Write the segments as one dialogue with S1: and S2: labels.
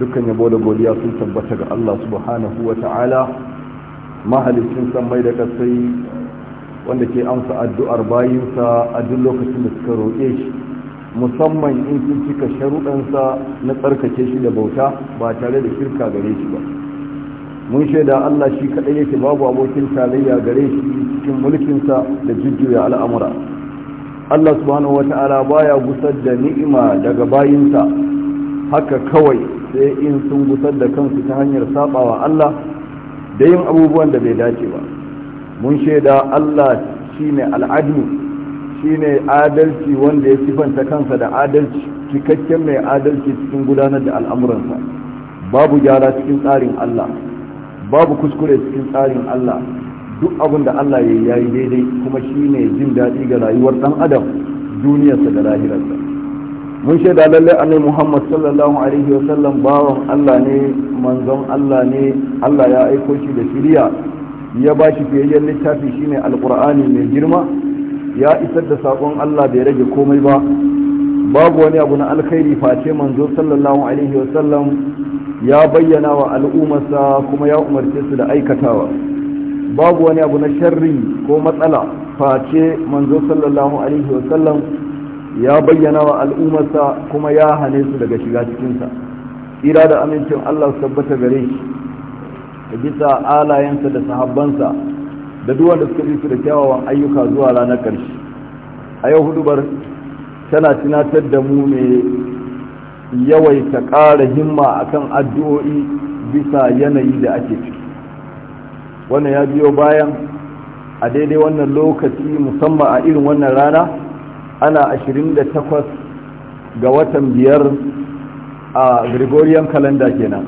S1: dukkan yabo da godiya sun tabbata ga Allah subhanahu wa ta'ala mahalicin san mai da kasai wanda ke amsa addu'ar bayinsa a duk lokacin da suka roƙe shi musamman in sun cika sharuɗansa na tsarkake shi da bauta ba tare da shirka gare shi ba mun shaida Allah shi kaɗai yake babu abokin tarayya gare shi cikin mulkinsa da jujjuya al'amura Allah subhanahu wa ta'ala baya gusar da ni'ima daga bayinsa haka kawai sai in sun gusar da kansu ta hanyar sabawa Allah da yin abubuwan da bai dace ba mun shaida Allah shine al'adlu shine adalci wanda ya sifanta kansa da adalci cikakken mai adalci cikin gudanar da al'amuransa babu gyara cikin tsarin Allah babu kuskure cikin tsarin Allah duk abin da Allah ya yi daidai kuma shine jin daɗi ga rayuwar ɗan adam duniyarsa da lahirarsa mun shaida lalle annabi Muhammad sallallahu alaihi wa sallam bawan Allah ne manzon Allah ne Allah ya aiko shi da shiriya ya ba shi fiyayyen littafi shine alqur'ani mai girma ya isar da saƙon Allah bai rage komai ba babu wani abu na alkhairi face manzo sallallahu alaihi wa sallam ya bayyana wa al'ummarsa kuma ya umarce su da aikatawa babu wani abu na sharri ko matsala face manzo sallallahu alaihi wa sallam ya bayyana wa al'ummarsa kuma ya hane su daga shiga cikinsa tsira da amincin allah su tabbata gare shi da bisa alayensa da sahabbansa da duwanda suka su da kyawawan ayyuka zuwa ranar ƙarshe a yau hudubar tana tunatar da mu mai yawaita ƙara himma akan addu'o'i bisa yanayi da ake ciki wannan ya biyo bayan a daidai wannan lokaci musamman a irin wannan rana ana 28 ga watan biyar a gregorian calendar kenan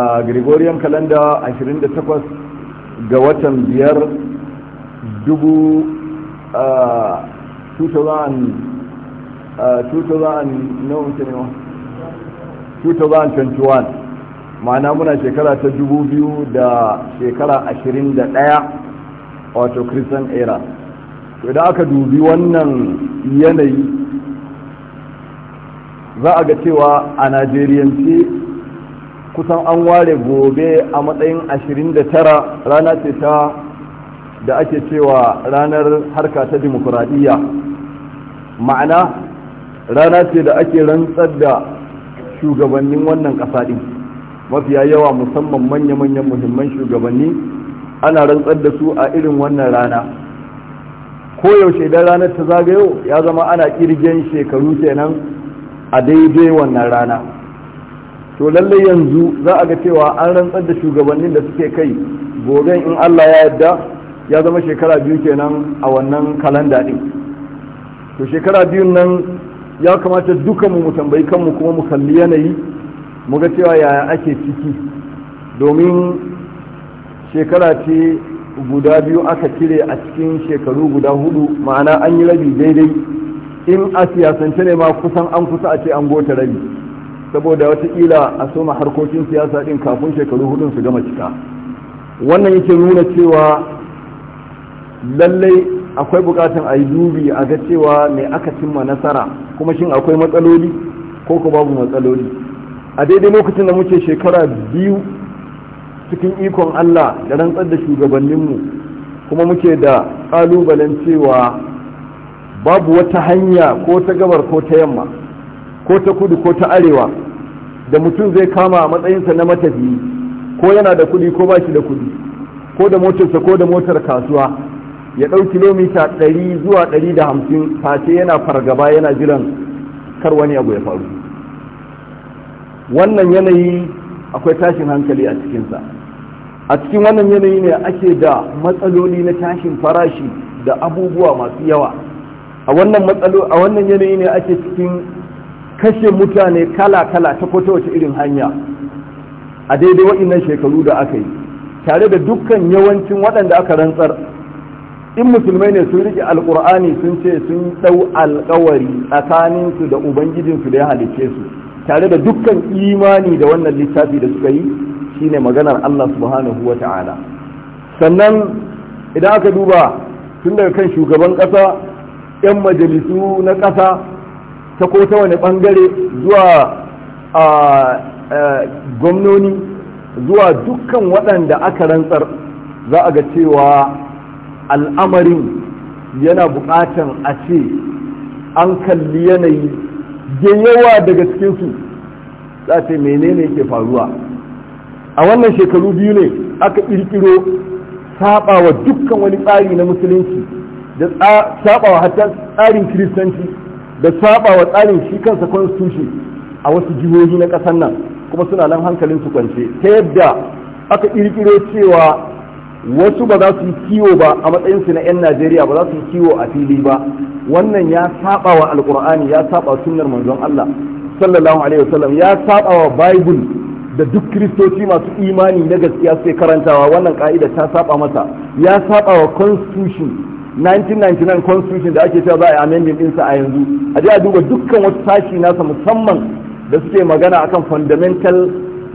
S1: a gregorian calendar 28 ga watan biyar dubu 2021 ma'ana muna shekara ta dubu biyu da shekara ashirin da ɗaya wato christian era to da aka dubi wannan yanayi za a ga cewa a najeriyance kusan an ware gobe a matsayin 29 rana ce ta da ake cewa ranar harka ta dimokuraɗiyya ma'ana rana ce da ake rantsar da shugabannin wannan ƙasa mafiya yawa musamman manya-manyan muhimman shugabanni ana rantsar da su a irin wannan rana koyaushe idan ranar ta zagayo ya zama ana kirgen shekaru kenan a daidai wannan rana to lallai yanzu za a ga cewa an rantsar da shugabannin da suke kai gobe in allah ya yadda ya zama shekara biyu kenan a wannan kalanda din to shekara biyun nan ya kamata dukanmu mu tambayi kanmu kuma mu kalli yanayi mu ga cewa yaya ake ciki domin shekara ce guda biyu aka cire a cikin shekaru guda hudu ma'ana an yi rabi daidai in a siyasance ne ma kusan an kusa a ce an gota rabi saboda watakila a soma harkokin siyasa ɗin kafin shekaru hudu su gama cika wannan yake nuna cewa lallai akwai bukatan a yi dubi a ga cewa mai aka cimma nasara kuma shin akwai matsaloli ko ku babu matsaloli a daidai lokacin da muke shekara biyu cikin ikon Allah da rantsar da shugabanninmu kuma muke da ƙalubalen cewa babu wata hanya ko ta gabar ko ta yamma ko ta kudu ko ta arewa da mutum zai kama a matsayinsa na matafiyi ko yana da kudi ko ba shi da kudi ko da motarsa ko da motar kasuwa ya ɗau kilomita ɗari zuwa ɗari da hamsin face yana fargaba yana jiran kar wani abu ya faru wannan yanayi akwai tashin hankali a cikinsa a cikin wannan yanayi ne ake da matsaloli na tashin farashi da abubuwa masu yawa a wannan matsalo a wannan yanayi ne ake cikin kashe mutane kala-kala ta kwata wace irin hanya a daidai waɗannan shekaru da aka yi tare da dukkan yawancin waɗanda aka rantsar in musulmai ne sun riƙe alƙur'ani sun ce sun ɗau alƙawari tsakaninsu da ubangijinsu da ya halicce su tare da dukkan imani da wannan littafi da suka yi shine maganar Allah subhanahu wa ta'ala sannan idan aka duba tun daga kan shugaban ƙasa 'yan majalisu na ƙasa ta ko ta wani ɓangare zuwa a gwamnoni zuwa dukkan waɗanda aka rantsar za a ga cewa al'amarin yana buƙatan a ce an kalli yanayi da yawa daga cikinsu za a ce menene ke faruwa a wannan shekaru biyu ne aka kirkiro saba wa dukkan wani tsari na musulunci da saba hatta tsarin kiristanci da saba wa tsarin shi kansa constitution a wasu jihohi na ƙasar nan kuma suna nan hankalin su kwance ta yadda aka kirkiro cewa wasu ba za su yi kiwo ba a matsayinsu na 'yan najeriya ba za su yi kiwo a fili ba wannan ya saba wa alkur'ani ya saba sunnar manzon allah sallallahu alaihi wasallam ya saba wa bible da duk kiristoci masu imani na gaskiya suke karantawa wannan ka'ida ta saba masa ya saba wa constitution 1999 constitution da ake cewa za a yi amendment dinsa a yanzu a ji a duba dukkan wasu sashi nasa musamman da suke magana akan fundamental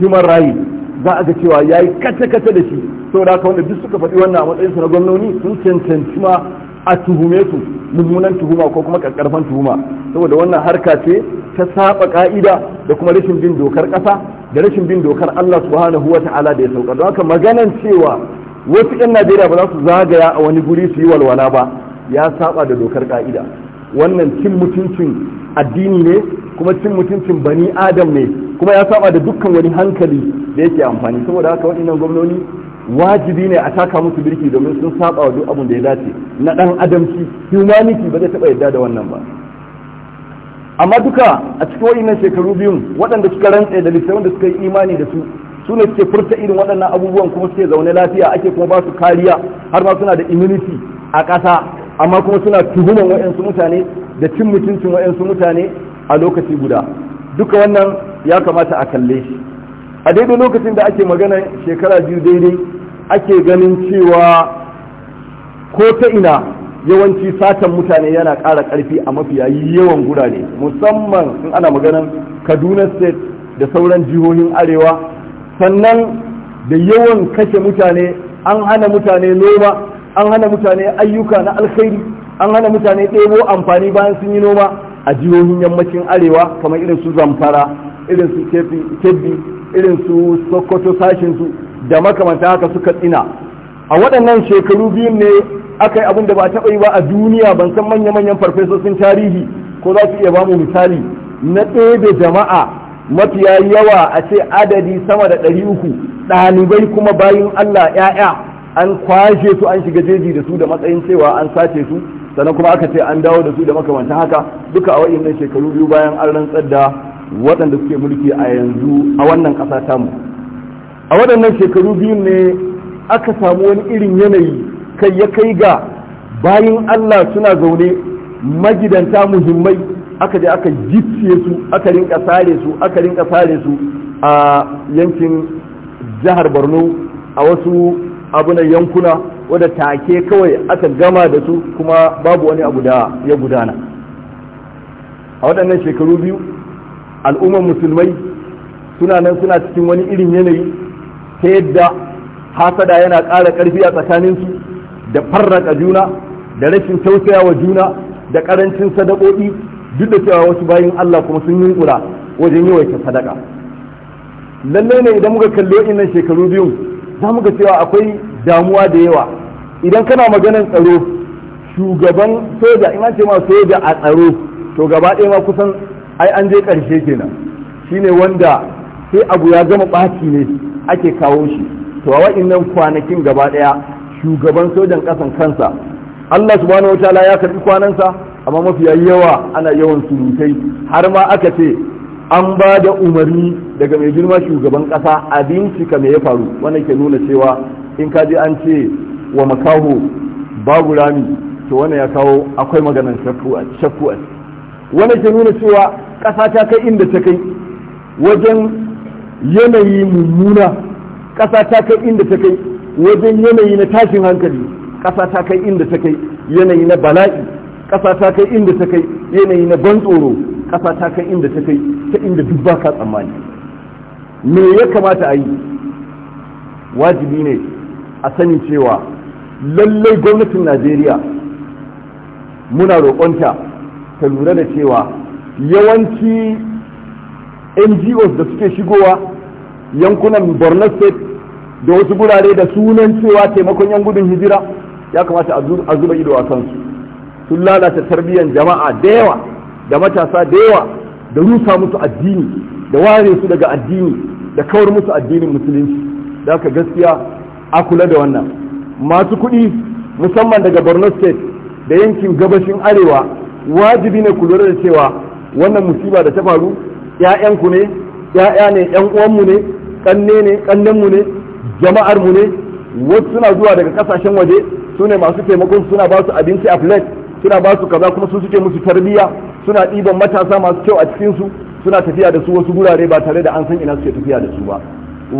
S1: human rights za a ga cewa ya yi kace-kace da shi saboda haka wanda duk suka faɗi wannan a matsayinsu na gwamnoni sun cancanci ma a tuhume su mummunan tuhuma ko kuma karkarfan tuhuma saboda wannan harka ce ta saba ka'ida da kuma rashin bin dokar ƙasa da rashin bin dokar Allah subhanahu wa ta'ala da ya sauka don haka maganan cewa wasu 'yan Najeriya ba za su zagaya a wani guri su yi walwala ba ya saba da dokar ka'ida wannan cin mutuncin addini ne kuma cin mutuncin bani adam ne kuma ya saba da dukkan wani hankali da yake amfani saboda haka waɗannan gwamnoni wajibi ne a taka musu birki domin sun saba wa duk abin da ya dace na ɗan adamci humanity ba zai taɓa yadda da wannan ba amma duka a cikin wa'innan shekaru biyun waɗanda suka rantse da littafin da suka yi imani da su su ne suke furta irin waɗannan abubuwan kuma suke zaune lafiya ake kuma ba su kariya har ma suna da immunity a ƙasa amma kuma suna tuhuman wa'yansu mutane da cin mutuncin wa'yansu mutane a lokaci guda duka wannan ya kamata a kalle shi a daidai lokacin da ake magana shekara biyu daidai ake ganin cewa ko ta ina yawanci satan mutane yana ƙara ƙarfi a mafiya yawan gurare musamman in ana maganan kaduna state da sauran jihohin arewa sannan da yawan kashe mutane an hana mutane noma an hana mutane ayyuka na alkhairi an hana mutane ɗebo amfani bayan sun yi noma a jihohin yammacin arewa kamar irin su zamfara irin su kebbi irin su sokoto sashin da makamanta haka suka tsina a waɗannan shekaru biyu ne aka yi abin da ba a taɓa yi ba a duniya ban san manya-manyan farfesosin tarihi ko za su iya ba mu misali na ɗebe jama'a mafiya yawa a ce adadi sama da ɗari uku ɗalibai kuma bayin Allah ‘ya'ya an kwashe su an shiga jeji da su da matsayin cewa an sace su sannan kuma aka ce an dawo da su da makamanta haka duka a wa'in shekaru biyu bayan an rantsar da waɗanda suke mulki a yanzu a wannan ƙasa tamu a waɗannan shekaru biyu ne aka samu wani irin yanayi kai ya kai ga bayin Allah suna zaune magidanta muhimmai aka je aka gitse su aka rinka sare su aka rinka sare su a yankin jihar Borno a wasu abuna yankuna wadda take kawai aka gama da su kuma babu wani abu da ya gudana a waɗannan shekaru biyu al'ummar musulmai suna nan suna cikin wani irin yanayi ta yadda hasada yana ƙara ƙarfi a tsakaninsu da farraka juna da rashin tausaya wa juna da karancin sadakoki duk da cewa wasu bayin Allah kuma sun yunkura wajen yawaita sadaka lallai ne idan muka kalli waɗannan shekaru biyu za mu ga cewa akwai damuwa da yawa idan kana maganar tsaro shugaban soja ina ce ma soja a tsaro to gaba ɗaya ma kusan ai an je ƙarshe kenan shine wanda sai abu ya gama ɓaci ne ake kawo shi to a waɗannan kwanakin gaba ɗaya shugaban sojan ƙasan kansa Allah subhanahu wa ta'ala ya karbi kwanansa amma mafi yawa ana yawan surutai har ma aka ce an ba da umarni daga mai girma shugaban ƙasa a bincika me ya faru wannan ke nuna cewa in ka ji an ce wa makaho babu rami to wannan ya kawo akwai maganar shakku a wannan ke nuna cewa ƙasa ta kai inda ta kai wajen yanayi mummuna ƙasa ta kai inda ta kai wajen yanayi na tashin hankali ƙasa ta kai inda ta kai yanayi na bala'i ƙasa ta kai inda ta kai yanayi na ban tsoro ƙasa ta kai inda ta kai ta inda duk ba ka tsammani me ya kamata a yi wajibi ne a sani cewa lallai gwamnatin najeriya muna roƙonta ta lura da cewa yawanci ngos da suke shigowa yankunan borno state da wasu gurare da sunan cewa taimakon yan gudun hijira ya kamata a zuba ido a kansu sun lalata tarbiyyar jama'a da yawa da matasa da yawa da rusa musu addini da ware su daga addini da kawar musu addinin musulunci da ka gaskiya a kula da wannan masu kuɗi musamman daga borno state da yankin gabashin arewa wajibi ne kula da cewa wannan musiba da ta faru 'ya'yanku ne 'ya'ya ne 'yan uwanmu ne Ƙanne ne ƙannenmu ne jama'ar mu ne wasu suna zuwa daga kasashen waje su ne masu taimakon suna ba su abinci a plate suna ba su kaza kuma su suke musu tarbiyya suna ɗiban matasa masu kyau a cikin su suna tafiya da su wasu gurare ba tare da an san ina suke tafiya da su ba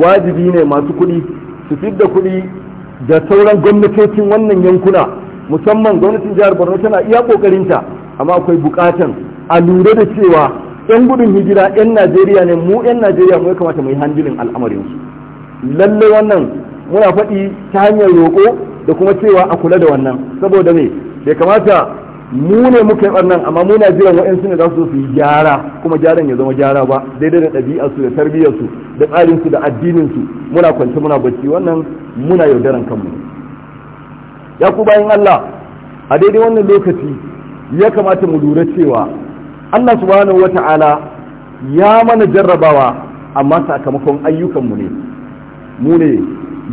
S1: wajibi ne masu kuɗi su fidda kuɗi da sauran gwamnatocin wannan yankuna musamman gwamnatin jihar borno tana iya ta amma akwai buƙatan a lura da cewa 'yan gudun hijira 'yan najeriya ne mu 'yan najeriya mu ya kamata mu yi handilin al'amarinsu lalle wannan muna faɗi ta hanyar roƙo da kuma cewa a kula da wannan saboda me bai kamata mu ne muka yi ɓarnan amma muna jiran waɗansu ne za su su yi gyara kuma gyaran ya zama gyara ba daidai da ɗabi'arsu da tarbiyyarsu da tsarinsu da addininsu muna kwance muna bacci wannan muna yaudaran kanmu ya ku bayan Allah a daidai wannan lokaci ya kamata mu lura cewa Allah subhanahu wata'ala ya mana jarrabawa amma sakamakon ayyukanmu ne mu ne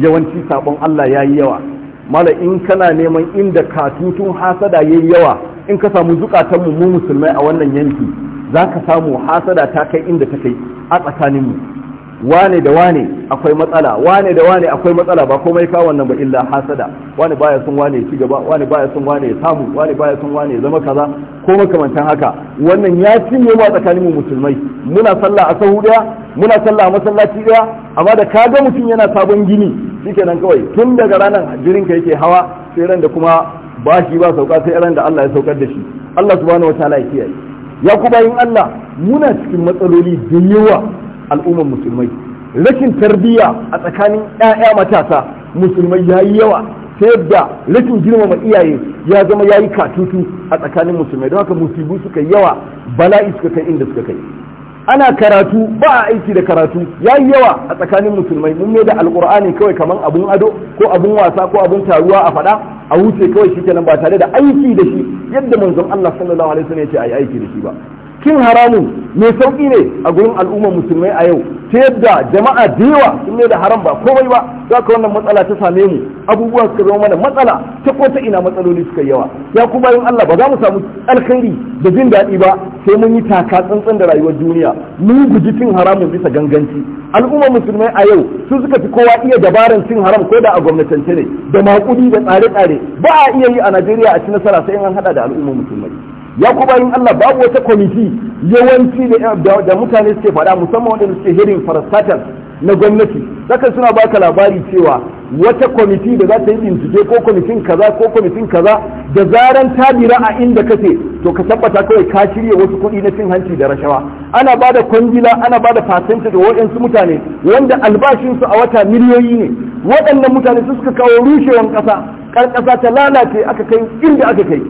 S1: yawanci sabon Allah ya yi yawa mala in kana neman inda katutun hasada ya yi yawa in ka samu zukatanmu mu musulmai a wannan yanki za ka samu hasada ta kai inda ta kai a tsakaninmu wane da wane akwai matsala wane da wane akwai matsala ba komai ka wannan ba illa hasada wane baya son wane ci gaba wane baya son wane samu wane baya son wane zama kaza ko makamantan haka wannan ya cinye ma tsakanin mu musulmai muna sallah a sahu daya muna sallah a masallaci daya amma da kaga mutum yana sabon gini shikenan kawai tun daga ranar jirin ka yake hawa sai ran da kuma ba shi ba sauka sai ran da Allah ya saukar da shi Allah subhanahu wataala ya kiyaye ya kuma yin Allah muna cikin matsaloli da yawa Al'ummar musulmai rashin tarbiyya a tsakanin 'ya'ya matasa musulmai ya yi yawa ta yadda rashin girmama iyaye ya zama ya yi katutu a tsakanin musulmai don haka musibu suka yawa bala'i suka kai inda suka kai ana karatu ba a aiki da karatu ya yi yawa a tsakanin musulmai mun da alkur'ani kawai kamar abun ado ko abun wasa ko abun taruwa a faɗa a wuce kawai shi kenan ba tare da aiki da shi yadda manzon Allah sallallahu alaihi wasallam ya ce a yi aiki da shi ba cin haramun mai sauƙi ne a gurin al'ummar musulmai a yau ta yadda jama'a da yawa sun da haram ba komai ba za ka wannan matsala ta same mu abubuwa suka zama mana matsala ta ko ta ina matsaloli suka yawa ya kuma yin Allah ba za mu samu alkhairi da jin daɗi ba sai mun yi taka tsantsan da rayuwar duniya mun guji cin haramun bisa ganganci al'ummar musulmai a yau su suka fi kowa iya dabaran cin haram ko da a gwamnatance ne da maƙudi da tsare-tsare ba a iya yi a Najeriya a ci nasara sai an haɗa da al'ummar musulmai ya ku bayin Allah babu wata kwamiti yawanci da mutane suke faɗa musamman wanda suke hirin farastatal na gwamnati zaka suna baka labari cewa wata kwamiti da za ta yi bincike ko kwamitin kaza ko kwamitin kaza da zaran ta bira a inda kace to ka tabbata kawai ka shirya wasu kuɗi na cin hanci da rashawa ana bada kwangila ana bada fasanta da waɗansu mutane wanda albashinsu a wata miliyoyi ne waɗannan mutane su suka kawo rushewan ƙasa kar ƙasa ta lalace aka kai inda aka kai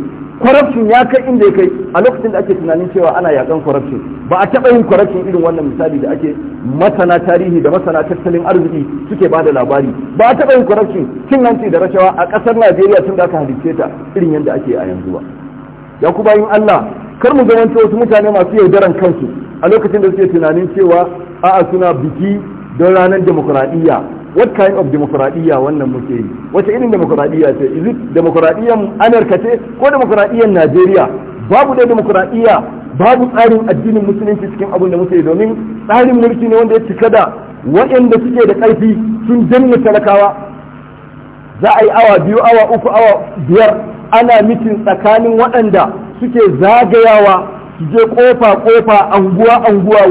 S1: corruption ya kai inda ya kai a lokacin da ake tunanin cewa ana yakan corruption ba a taɓa yin corruption irin wannan misali da ake masana tarihi da masana tattalin arziki suke bada labari ba a taɓa yin corruption cin hanci da rashawa a ƙasar najeriya tun da aka halice ta irin yadda ake a yanzu ba ya ku bayin allah kar mu zamanto wasu mutane masu yaudaran kansu a lokacin da suke tunanin cewa a'a suna biki don ranar demokuraɗiyya what kind of demokuraɗiyya wannan muke yi wace irin demokuraɗiyya ce is it amurka ce ko demokuraɗiyyar najeriya babu da demokuraɗiyya babu tsarin addinin musulunci cikin abin da muke yi domin tsarin mulki ne wanda ya cika da waɗanda suke da ƙarfi sun janye talakawa za a yi awa biyu awa uku awa biyar ana mitin tsakanin waɗanda suke zagayawa su je kofa kofa anguwa anguwa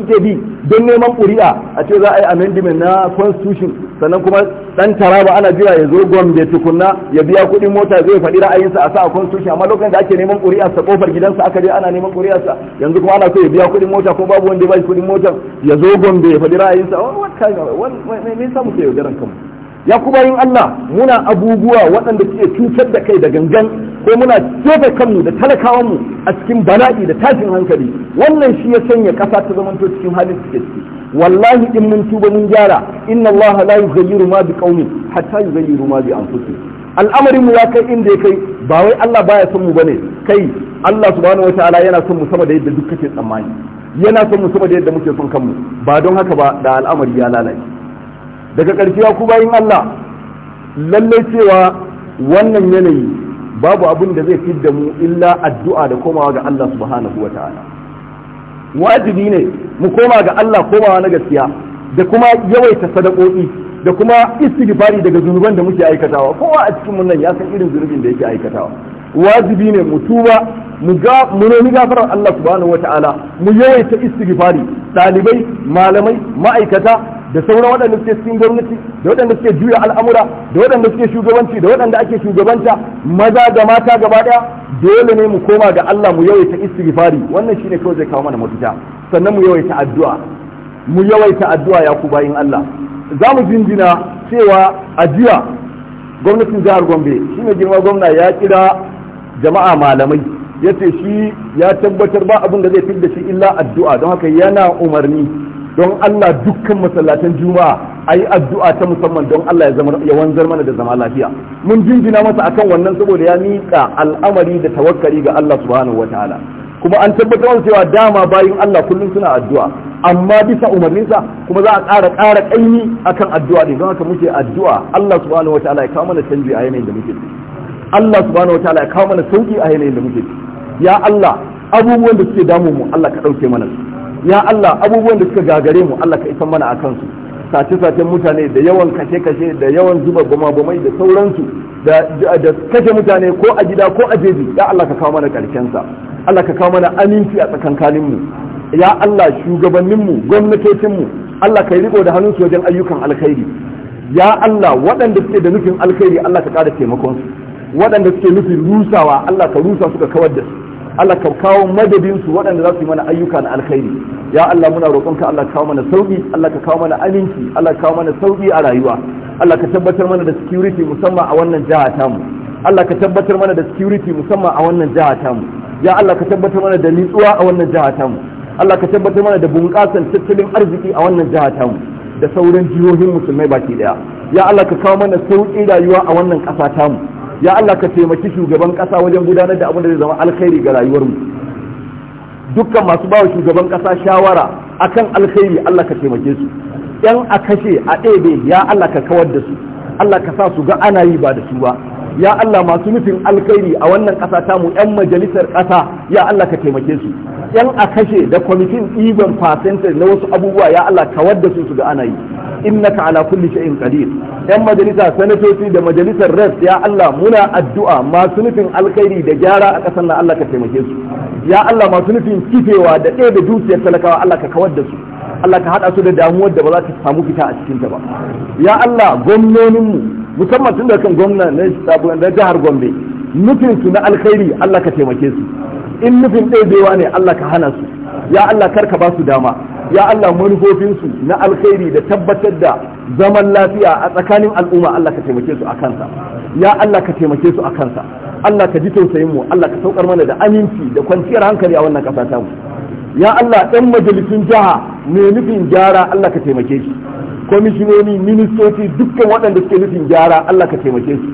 S1: suke bi don neman ƙuri'a a ce za a yi amendment na constitution sannan kuma ɗan taraba ana jira ya zo gombe tukunna ya biya kuɗin mota zai faɗi ra'ayinsa a sa a constitution amma lokacin da ake neman ƙuri'arsa kofar gidansa aka je ana neman ƙuri'arsa yanzu kuma ana so ya biya kuɗin mota ko babu wanda ya ba shi kuɗin motar ya zo gombe ya faɗi ra'ayinsa wani wani yaudaran kanmu ya ku Allah muna abubuwa waɗanda suke cutar da kai da gangan ko muna jefa kanmu da talakawanmu a cikin bala'i da tashin hankali wannan shi ya sanya ƙasa ta zamanto cikin halin suke ciki wallahi in mun tuba mun gyara inna Allah la yughayyiru ma bi qaumin hatta yughayyiru ma bi anfusihim al'amarin mu ya kai inda ya kai ba wai Allah baya son mu bane kai Allah subhanahu wataala yana son mu sama da yadda duk kake tsammani yana son mu sama da yadda muke son kanmu ba don haka ba da al'amari ya lalace daga ƙarshe ya ku bayin Allah lallai cewa wannan yanayi babu abin da zai fidda mu illa addu'a da komawa ga Allah subhanahu wa ta'ala wajibi ne mu koma ga Allah komawa na gaskiya da kuma yawaita sadakoki da kuma istighfari daga zunuban da muke aikatawa kowa a cikin nan ya san irin zunubin da yake aikatawa wajibi ne mu tuba mu ga mu nemi gafarar Allah subhanahu wa ta'ala mu yawaita istighfari dalibai malamai ma'aikata da sauran waɗanda suke cikin gwamnati da waɗanda suke juya al'amura da waɗanda suke shugabanci da waɗanda ake shugabanta maza da mata gaba ɗaya dole ne mu koma ga Allah mu yawaita istighfari wannan shine kawai zai kawo mana mafita sannan mu yawaita addu'a mu yawaita addu'a ya ku bayin Allah za mu jinjina cewa a jiya gwamnatin jihar Gombe shi girma gwamna ya kira jama'a malamai ya ce shi ya tabbatar ba abin da zai da shi illa addu'a don haka yana umarni don Allah dukkan masallatan juma'a a yi addu'a ta musamman don Allah ya zama ya wanzar mana da zama lafiya mun jinjina masa akan wannan saboda ya miƙa al'amari da tawakkari ga Allah subhanahu wataala kuma an tabbatar cewa dama bayin Allah kullum suna addu'a amma bisa umarninsa kuma za a ƙara ƙara ƙaimi akan addu'a ne don haka muke addu'a Allah subhanahu wataala ya kawo mana canji a yanayin da muke Allah subhanahu wataala ya kawo mana sauki a yanayin da muke ya Allah abubuwan da suke damu mu Allah ka ɗauke mana su ya Allah abubuwan da suka gagare mu Allah ka isan mana a kansu sace sace mutane da yawan kashe-kashe da yawan zuba goma-goma da sauransu da kashe mutane ko a gida ko a jeji ya Allah ka kawo mana sa Allah ka kawo mana aminci a mu ya Allah shugabanninmu gwamnatocinmu Allah ka riko da hannunsu wajen ayyukan alkhairi ya Allah waɗanda suke da nufin alkhairi Allah ka ƙara taimakon su waɗanda suke nufin rusawa Allah ka rusa suka kawar da su Allah ka kawo madadin su waɗanda za su yi mana ayyuka na alkhairi ya Allah muna roƙonka Allah ka kawo mana sauki Allah ka kawo mana aminci Allah ka kawo mana sauki a rayuwa Allah ka tabbatar mana da security musamman a wannan ta mu Allah ka tabbatar mana da security musamman a wannan ta mu ya Allah ka tabbatar mana da nitsuwa a wannan ta mu Allah ka tabbatar mana da bunƙasan tattalin arziki a wannan ta mu da sauran jihohin musulmai baki daya ya Allah ka kawo mana sauki rayuwa a wannan ƙasa mu ya Allah ka taimaki shugaban kasa wajen gudanar da abin da zai zama alkhairi ga rayuwarmu dukkan masu bawa shugaban kasa shawara akan alkhairi Allah ka taimake su yan a kashe a ɗebe ya Allah ka kawar da su Allah ka sa su ga ana yi ba da su ba ya Allah masu nufin alkhairi a wannan ƙasa mu yan majalisar ƙasa ya Allah ka taimake su yan a kashe da kwamitin ɗiban fasentar na wasu abubuwa ya Allah ka wadda su su ga ana yi innaka ala kulli shay'in qadir yan majalisa sanatoci da majalisar ras ya Allah muna addu'a masu nufin alkhairi da gyara a ƙasar nan Allah ka taimake su ya Allah masu nufin kifewa da ɗaya da dukiyar talakawa Allah ka kawar da su Allah ka haɗa su da damuwar da ba za ta samu fita a cikinta ba ya Allah gwamnoninmu musamman tun da kan gwamna na jihar gombe nufin su na alkhairi Allah ka taimake su in nufin ɗaiɗewa ne Allah ka hana su ya Allah karka ba su dama ya Allah manufofinsu na alkhairi da tabbatar da zaman lafiya a tsakanin al'umma Allah ka taimake su a kansa ya Allah ka taimake su a kansa Allah ka ji tausayin mu Allah ka saukar mana da aminci da kwanciyar hankali a wannan kasa ta mu ya Allah ɗan majalisun jiha mai nufin gyara Allah ka taimake shi kwamishinoni ministoci dukkan waɗanda suke nufin gyara Allah ka taimake su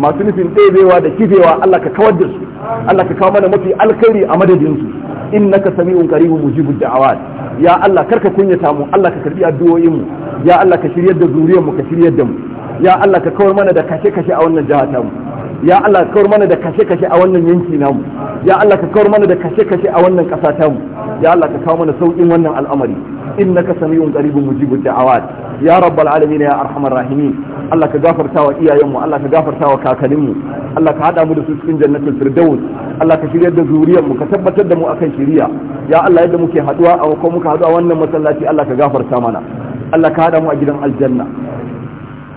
S1: masu nufin ɗebewa da kifewa Allah ka kawar da su Allah ka kawo mana mafi alkhairi a madadin su innaka sami'un qaribun mujibud da'awat ya Allah karka kunyata mu Allah ka karbi addu'o'in mu ya Allah ka shiryar da zuriyar mu ka shiryar da mu ya Allah ka kawar mana da kashe kashe a wannan jiha ta mu ya Allah ka kawar mana da kashe-kashe a wannan yanki namu ya Allah ka kawar mana da kashe-kashe a wannan ƙasa tamu ya Allah ka kawo mana sauƙin wannan al'amari innaka samiyun qaribun mujibud da'awat ya rabbal alamin ya arhamar rahimin Allah ka gafarta wa iyayenmu Allah ka gafarta wa kakanninmu Allah ka hada mu da su cikin jannatul firdaus Allah ka shiryar da zuriyarmu ka tabbatar da mu akan shiriya ya Allah yadda muke haduwa a ko muka hadu a wannan masallaci Allah ka gafarta mana Allah ka hada mu a gidan aljanna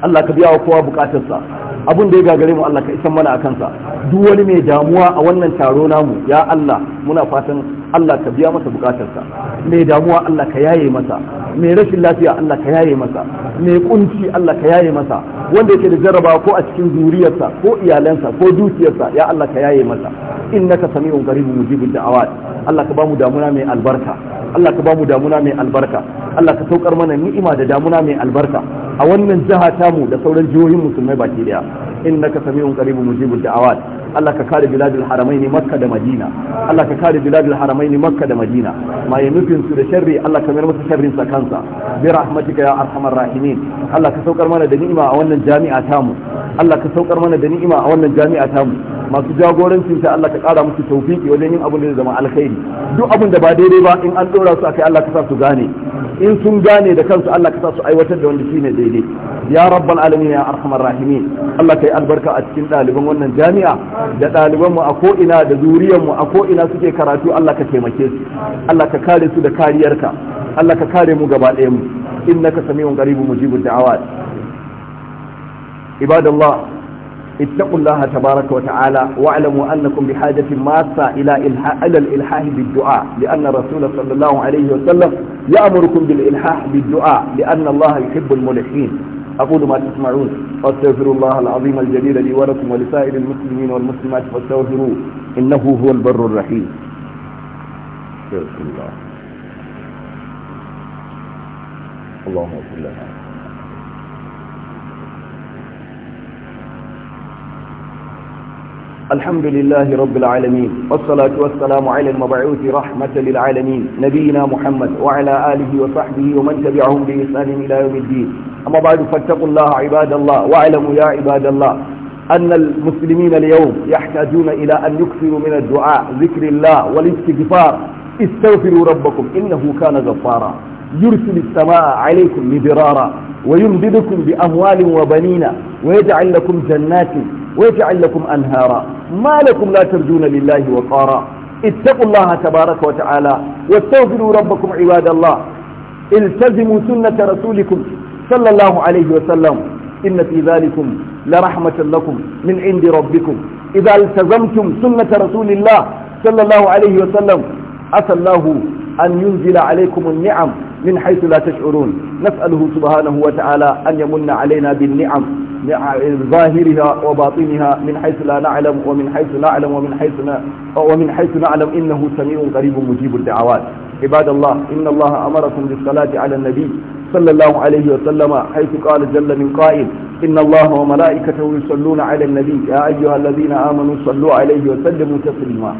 S1: Allah ka biya wa kowa bukatarsa abin da ya gagare mu Allah ka isan mana a kansa duk wani mai damuwa a wannan taro namu ya Allah muna fatan Allah ka biya masa bukatarsa mai damuwa Allah ka yaye masa mai rashin lafiya Allah ka yaye masa mai kunci Allah ka yaye masa wanda yake da jarrabawa ko a cikin zuriyarsa ko iyalansa ko dukiyarsa ya Allah ka yaye masa innaka sami'un qaribun mujibud da'awat Allah ka bamu damuna mai albarka Allah ka bamu damuna mai albarka Allah ka saukar mana ni'ima da damuna mai albarka a wannan jiha tamu da sauran jihohin musulmai baki daya innaka sami'un qaribun mujibud da'awat Allah ka kare biladul haramaini makka da madina Allah ka kare biladul haramaini makka da madina ma ya nufin su da sharri Allah ka mayar masa sharrin sa kansa bi rahmatika ya arhamar rahimin Allah ka saukar mana da ni'ima a wannan jami'a tamu Allah ka saukar mana da ni'ima a wannan jami'a tamu masu jagorancin ta Allah ka kara musu tawfiki wajen yin abin da zai zama alkhairi duk abin da ba daidai ba in an dora su akai Allah ka sa su gane in sun gane da kansu Allah ka sa su aiwatar da wanda shine daidai ya rabbal alamin ya arhamar rahimin Allah ka yi albarka a cikin ɗaliban wannan jami'a da ɗaliban mu a ko'ina da zuriyan mu a ko'ina suke karatu Allah ka taimake su Allah ka kare su da kariyarka Allah ka kare mu gaba ɗayan mu innaka samiun garibu mujibu da'awa ibadallah ittaqullaha tabaraka wa ta'ala wa'lamu annakum bihajati massa ila ila al-ilhah bid-du'a li'anna rasul sallallahu alayhi wa sallam ya'murukum bil-ilhah bid-du'a li'anna Allah yuhibbul mulhin. أقول ما تسمعون وأستغفر الله العظيم الجليل لي ولكم ولسائر المسلمين والمسلمات فاستغفروه إنه هو البر الرحيم استغفر الله اللهم صل لنا الحمد لله رب العالمين والصلاة والسلام على المبعوث رحمة للعالمين نبينا محمد وعلى آله وصحبه ومن تبعهم بإحسان إلى يوم الدين أما بعد فاتقوا الله عباد الله واعلموا يا عباد الله أن المسلمين اليوم يحتاجون إلى أن يكثروا من الدعاء ذكر الله والاستغفار استغفروا ربكم إنه كان غفارا يرسل السماء عليكم مدرارا ويمددكم بأموال وبنين ويجعل لكم جنات ويجعل لكم أنهارا ما لكم لا ترجون لله وقارا اتقوا الله تبارك وتعالى واستغفروا ربكم عباد الله التزموا سنة رسولكم صلى الله عليه وسلم إن في ذلكم لرحمة لكم من عند ربكم إذا التزمتم سنة رسول الله صلى الله عليه وسلم أتى الله أن ينزل عليكم النعم من حيث لا تشعرون نسأله سبحانه وتعالى أن يمن علينا بالنعم ظاهرها وباطنها من حيث لا نعلم ومن حيث نعلم ومن حيث ومن حيث نعلم إنه سميع قريب مجيب الدعوات عباد الله إن الله أمركم بالصلاة على النبي صلى الله عليه وسلم حيث قال جل من قائل إن الله وملائكته يصلون على النبي يا أيها الذين آمنوا صلوا عليه وسلموا تسليما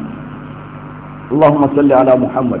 S1: اللهم صل على محمد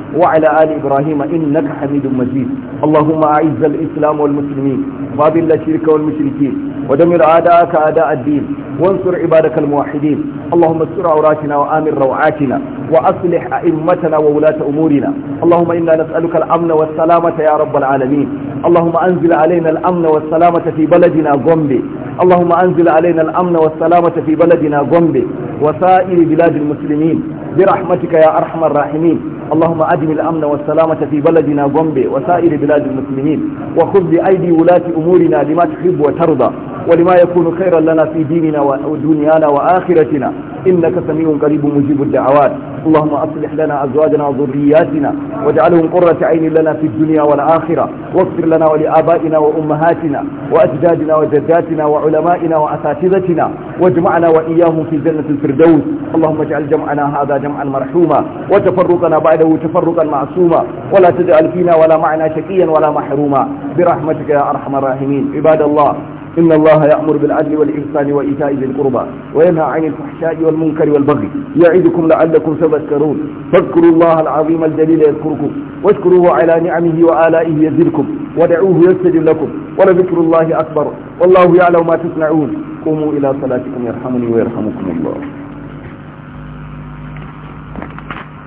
S1: وعلى آل إبراهيم إنك حميد مجيد اللهم أعز الإسلام والمسلمين وأذل الشرك والمشركين ودمر أعداءك أعداء الدين وانصر عبادك الموحدين اللهم استر عوراتنا وآمن روعاتنا وأصلح أئمتنا وولاة أمورنا اللهم إنا نسألك الأمن والسلامة يا رب العالمين اللهم أنزل علينا الأمن والسلامة في بلدنا غومبي اللهم أنزل علينا الأمن والسلامة في بلدنا غومبي وسائر بلاد المسلمين برحمتك يا أرحم الراحمين اللهم أدم الأمن والسلامة في بلدنا غومبي وسائر بلاد المسلمين وخذ بأيدي ولاة أمورنا لما تحب وترضى ولما يكون خيرا لنا في ديننا ودنيانا وآخرتنا إنك سميع قريب مجيب الدعوات اللهم أصلح لنا أزواجنا وذرياتنا واجعلهم قرة عين لنا في الدنيا والآخرة واغفر لنا ولآبائنا وأمهاتنا وأجدادنا وجداتنا وعلمائنا وأساتذتنا واجمعنا وإياهم في جنة الفردوس اللهم اجعل جمعنا هذا جمعا مرحوما وتفرقنا بعد وحده تفرقا معصوما ولا تجعل فينا ولا معنا شقيا ولا محروما برحمتك يا أرحم الراحمين عباد الله إن الله يأمر بالعدل والإحسان وإيتاء ذي القربى وينهى عن الفحشاء والمنكر والبغي يعدكم لعلكم تذكرون فاذكروا الله العظيم الجليل يذكركم واشكروه على نعمه وآلائه يزدكم ودعوه يستجب لكم ولذكر الله أكبر والله يعلم ما تصنعون قوموا إلى صلاتكم يرحمني ويرحمكم الله